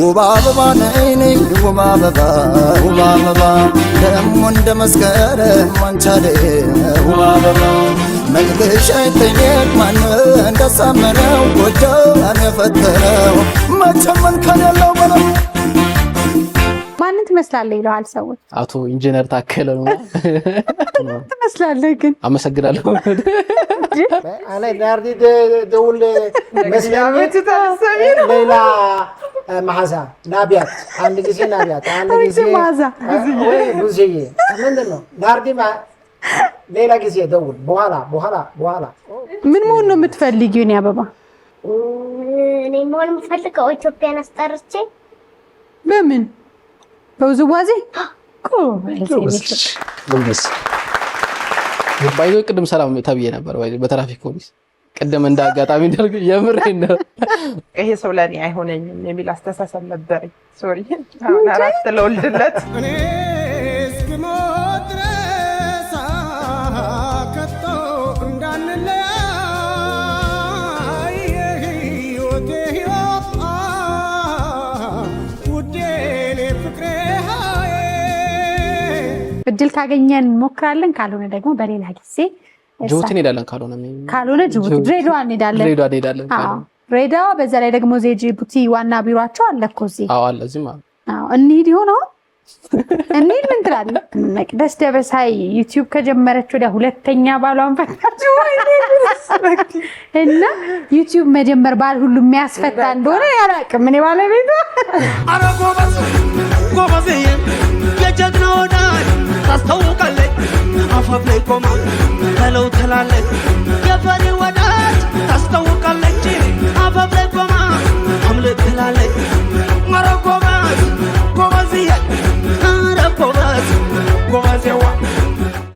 ውብ አበባ ነይነይ ውብ አበባ ውብ አበባ ደሞ እንደ መስከረም ማንቻደ ውብ አበባ መልክሽ አይተኛል ማን እንዳሳመነው ጎጆዋን የፈተነው መቸመን ከሌለው በለው ማንን ትመስላለህ ይለዋል ሰዎች። አቶ ኢንጂነር ታከለ ነው ትመስላለህ። ግን አመሰግናለሁ። ደውል መስሚያ ሌላ ማዛ ናቢያት አንድ ጊዜ ናቢያት አንድ ጊዜ ወይ ጉዝዬ ምንድን ነው ናርዲ ሌላ ጊዜ ደውል። በኋላ በኋላ በኋላ ምን መሆን ነው የምትፈልጊው? እኔ አበባ እኔ መሆን የምፈልገው ኢትዮጵያን አስጠርቼ በምን በውዝዋዜ ባይዞ ቅድም ሰላም ተብዬ ነበር በትራፊክ ፖሊስ ቅድም እንደ አጋጣሚ ደርግ የምር ነው። ይሄ ሰው ለእኔ አይሆነኝም የሚል አስተሳሰብ ነበረኝ። ሶሪ አሁን አራት ለወልድለት እድል ካገኘን እንሞክራለን፣ ካልሆነ ደግሞ በሌላ ጊዜ ጅቡቲ እንሄዳለን፣ ካልሆነ ካልሆነ ጅቡቲ ድሬዳዋ እንሄዳለን። ድሬዳዋ እንሄዳለን። ድሬዳዋ በዛ ላይ ደግሞ ጅቡቲ ዋና ቢሯቸው አለ እኮ እዚህ። አዎ አለ እዚህ ማለት ነው። እንሂድ ይሆን እንሂድ። ምን ትላለህ? መቅደስ ደበሳይ ዩቲዩብ ከጀመረች ወዲያ ሁለተኛ ባሏን ፈታች እና ዩቲዩብ መጀመር ባል ሁሉ የሚያስፈታ እንደሆነ አላውቅም። እኔ ባለቤቷ ኧረ ጎበዝ ጎበዝ ታስታውቃለች ላይ la letra.